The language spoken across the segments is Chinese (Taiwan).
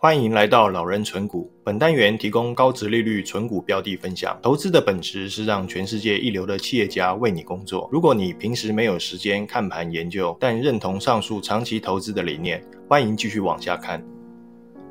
歡迎來到老人存股。本單元提供高殖利率存股標的分享。投資的本質是讓全世界一流的企業家為你工作。如果你平時沒有時間看盤研究，但認同上述長期投資的理念，歡迎繼續往下看。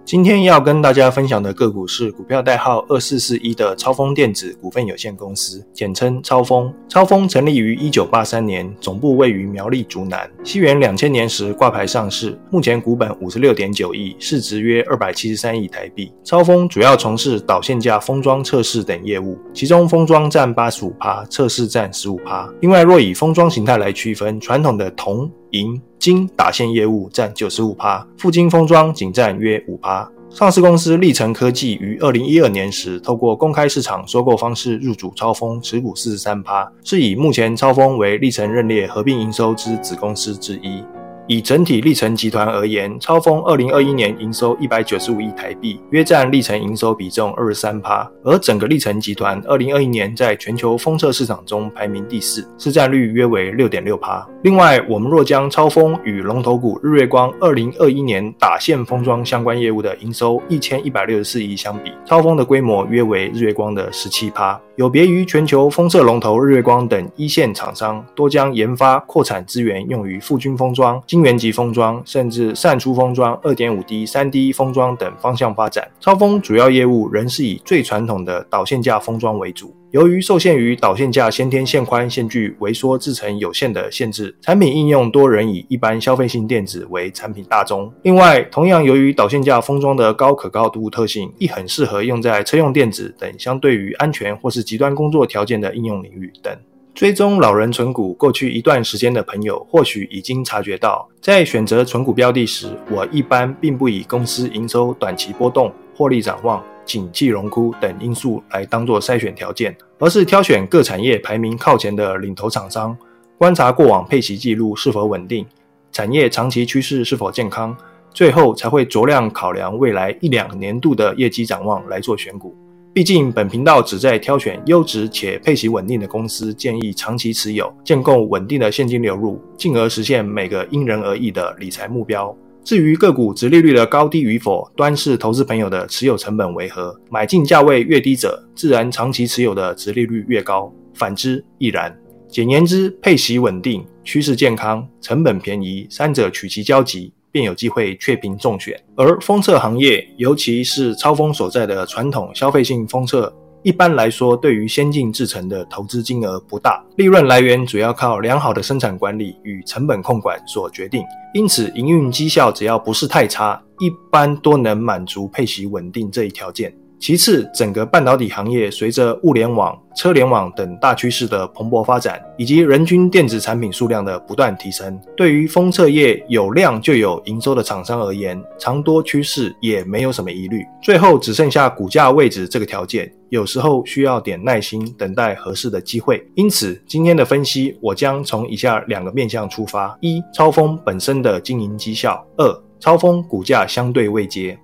今天要跟大家分享的個股是股票代號二四四一的超豐電子股份有限公司，簡稱超豐。超豐成立於一九八三年，總部位於苗栗竹南。西元兩千年時掛牌上市，目前股本五十六點九億，市值約二百七十三億台幣。超豐主要從事導線架、封裝、測試等業務，其中封裝占八十五趴，測試占十五趴。另外，若以封裝形態來區分，傳統的銅。銀金打線業務占九十五趴，覆晶封裝僅占約五趴。上市公司力成科技於二零一二年時，透過公開市場收購方式入主超豐，持股四十三趴，是以目前超豐為力成認列合併營收之子公司之一。以整體力成集團而言，超豐二零二一年營收一百九十五億台幣，約占力成營收比重二十三趴。而整個力成集團二零二一年在全球封測市場中排名第四，市占率約為六點六趴。另外，我們若將超豐與龍頭股日月光二零二一年打線封裝相關業務的營收一千一百六十四億相比，超豐的規模約為日月光的十七趴。有別於全球封測龍頭日月光等一線廠商，多將研發擴產資源用於覆晶封裝。晶圓級封裝，甚至扇出封裝、二點五 D、三 D 封裝等方向發展。超豐主要業務仍是以最傳統的導線架封裝為主。由於受限於導線架先天線寬、線距微縮製程有限的限制，產品應用多仍以一般消費性電子為產品大宗。另外，同樣由於導線架封裝的高可靠度特性，亦很適合用在車用電子等相對於安全或是極端工作條件的應用領域等。追蹤老人存股過去一段時間的朋友，或許已經察覺到，在選擇存股標的時，我一般並不以公司營收短期波動、獲利展望、景氣榮枯等因素來當作篩選條件，而是挑選各產業排名靠前的領頭廠商，觀察過往配息記錄是否穩定，產業長期趨勢是否健康，最後才會酌量考量未來一兩年度的業績展望來做選股。畢竟，本頻道旨在挑選優質且配息穩定的公司，建議長期持有，建構穩定的現金流入，進而實現每個因人而異的理財目標。至於個股殖利率的高低與否，端視投資朋友的持有成本為何，買進價位越低者，自然長期持有的殖利率越高，反之亦然。簡言之，配息穩定、趨勢健康、成本便宜，三者取其交集。便有機會雀屏中選，而封測行業，尤其是超豐所在的傳統消費性封測，一般來說，對於先進製程的投資金額不大，利潤來源主要靠良好的生產管理與成本控管所決定。因此，營運績效只要不是太差，一般都能滿足配息穩定這一條件。其次，整個半導體行業隨着物聯網、車聯網等大趨勢的蓬勃發展，以及人均電子產品數量的不斷提升，對於封測業有量就有營收的廠商而言，長多趨勢也沒有什麼疑慮。最後只剩下股價位置這個條件，有時候需要點耐心等待合適的機會。因此，今天的分析我將從以下兩個面向出發：一、超豐本身的經營績效；二、超豐股價相對位階。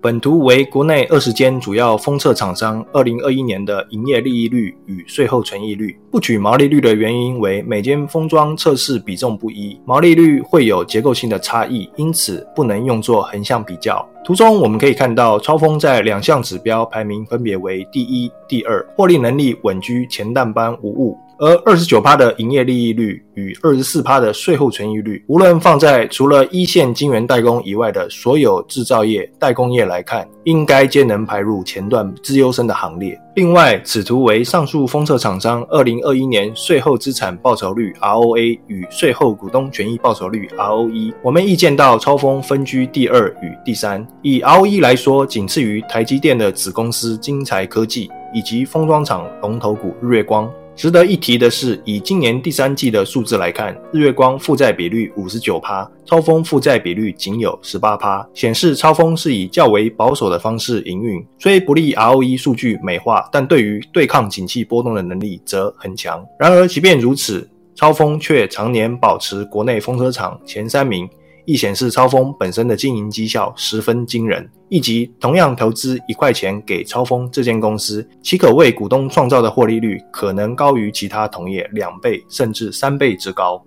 本圖為國內二十間主要封測廠商二零二一年的營業利益率與稅後純益率。不取毛利率的原因為每間封裝測試比重不一，毛利率會有結構性的差異，因此不能用作橫向比較。圖中我們可以看到，超豐在兩項指標排名分別為第一、第二，獲利能力穩居前段班無誤。而二十九趴的營業利益率與二十四趴的稅後權益率，無論放在除了一線晶圓代工以外的所有製造業代工業來看，應該皆能排入前段資優生的行列。另外，此圖為上述封測廠商二零二一年稅後資產報酬率 （ROA） 與稅後股東權益報酬率 （ROE）。我們意見到超豐分居第二與第三，以 ROE 來說，僅次於台積電的子公司精材科技以及封裝廠龍頭股日月光。值得一提的是，以今年第三季的數字來看，日月光負債比率五十九趴，超豐負債比率僅有十八趴，顯示超豐是以較為保守的方式營運，雖不利 ROE 數據美化，但對於對抗景氣波動的能力則很強。然而，即便如此，超豐卻常年保持國內封測廠前三名。亦顯示，超豐本身的經營績效十分驚人，亦即同樣投資一塊錢給超豐這間公司，其可為股東創造的獲利率，可能高於其他同業兩倍甚至三倍之高。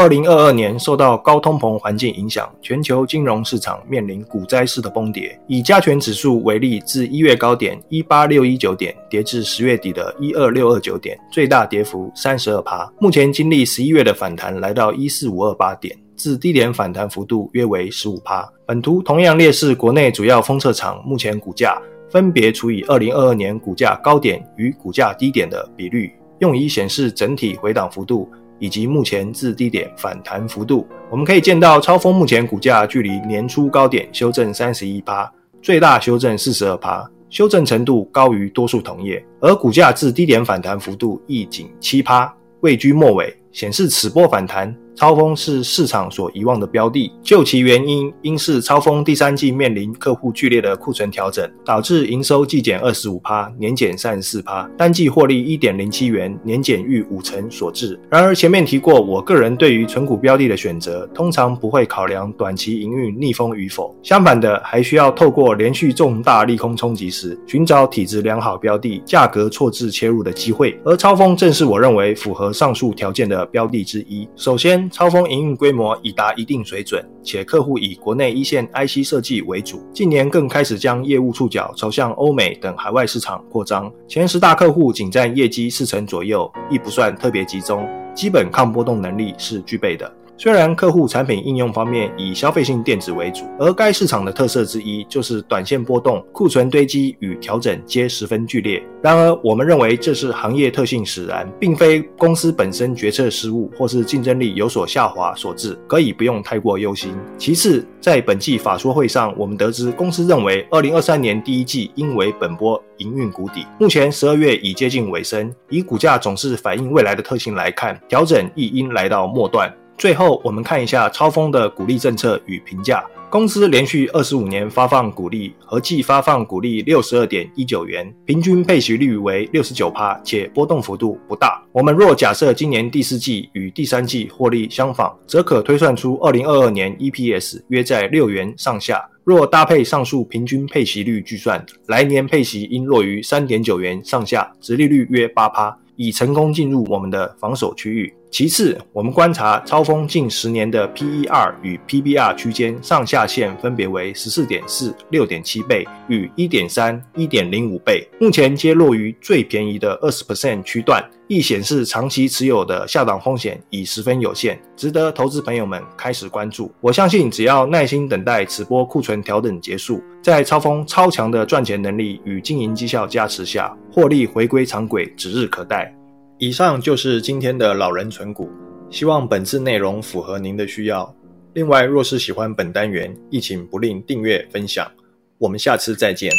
二零二二年受到高通膨環境影響，全球金融市場面臨股災式的崩跌。以加權指數為例，自一月高點一八六一九點跌至十月底的一二六二九點，最大跌幅三十二%。目前經歷十一月的反彈，來到一四五二八點，自低點反彈幅度約為十五%。本圖同樣列示國內主要封測廠目前股價分別除以二零二二年股價高點與股價低點的比率，用以顯示整體回檔幅度。以及目前自低點反彈幅度，我們可以見到超豐目前股價距離年初高點修正三十一趴，最大修正四十二趴，修正程度高於多數同業，而股價自低點反彈幅度亦僅七趴，位居末尾，顯示此波反彈。超豐是市場所遺忘的標的，究其原因，應是超豐第三季面臨客戶劇烈的庫存調整，導致營收季減二十五趴，年減三十四趴，單季獲利一點零七元，年減逾五成所致。然而前面提過，我個人對於存股標的的選擇，通常不會考量短期營運逆風與否，相反的，還需要透過連續重大利空衝擊時，尋找體質良好標的、價格錯置切入的機會。而超豐正是我認為符合上述條件的標的之一。首先，超豐營運規模已達一定水準，且客戶以國內一線 IC 設計為主，近年更開始將業務觸角朝向歐美等海外市場擴張。前十大客戶僅佔業績四成左右，亦不算特別集中，基本抗波動能力是具備的。雖然客戶產品應用方面以消費性電子為主，而該市場的特色之一就是短線波動、庫存堆積與調整皆十分劇烈。然而，我們認為這是行業特性使然，並非公司本身決策失誤或是競爭力有所下滑所致，可以不用太過憂心。其次，在本季法說會上，我們得知公司認為二零二三年第一季應為本波營運谷底。目前十二月已接近尾聲，以股價總是反映未來的特性來看，調整亦應來到末段。最後，我們看一下超豐的股利政策與評價。公司連續二十五年發放股利，合計發放股利六十二點一九元，平均配息率為六十九趴，且波動幅度不大。我們若假設今年第四季與第三季獲利相仿，則可推算出二零二二年 EPS 約在六元上下。若搭配上述平均配息率計算，來年配息應落於三點九元上下，殖利率約八趴，已成功進入我們的防守區域。其次，我們觀察超豐近十年的 P E R 與 P B R 區間上下限分別為十四點四、六點七倍與一點三、一點零五倍，目前皆落於最便宜的二十 percent 區段，亦顯示長期持有的下檔風險已十分有限，值得投資朋友們開始關注。我相信，只要耐心等待此波庫存調整結束，在超豐超強的賺錢能力與經營績效加持下，獲利回歸常軌，指日可待。以上就是今天的老人存股，希望本次內容符合您的需要。另外，若是喜歡本單元，亦請不吝訂閱分享。我們下次再見。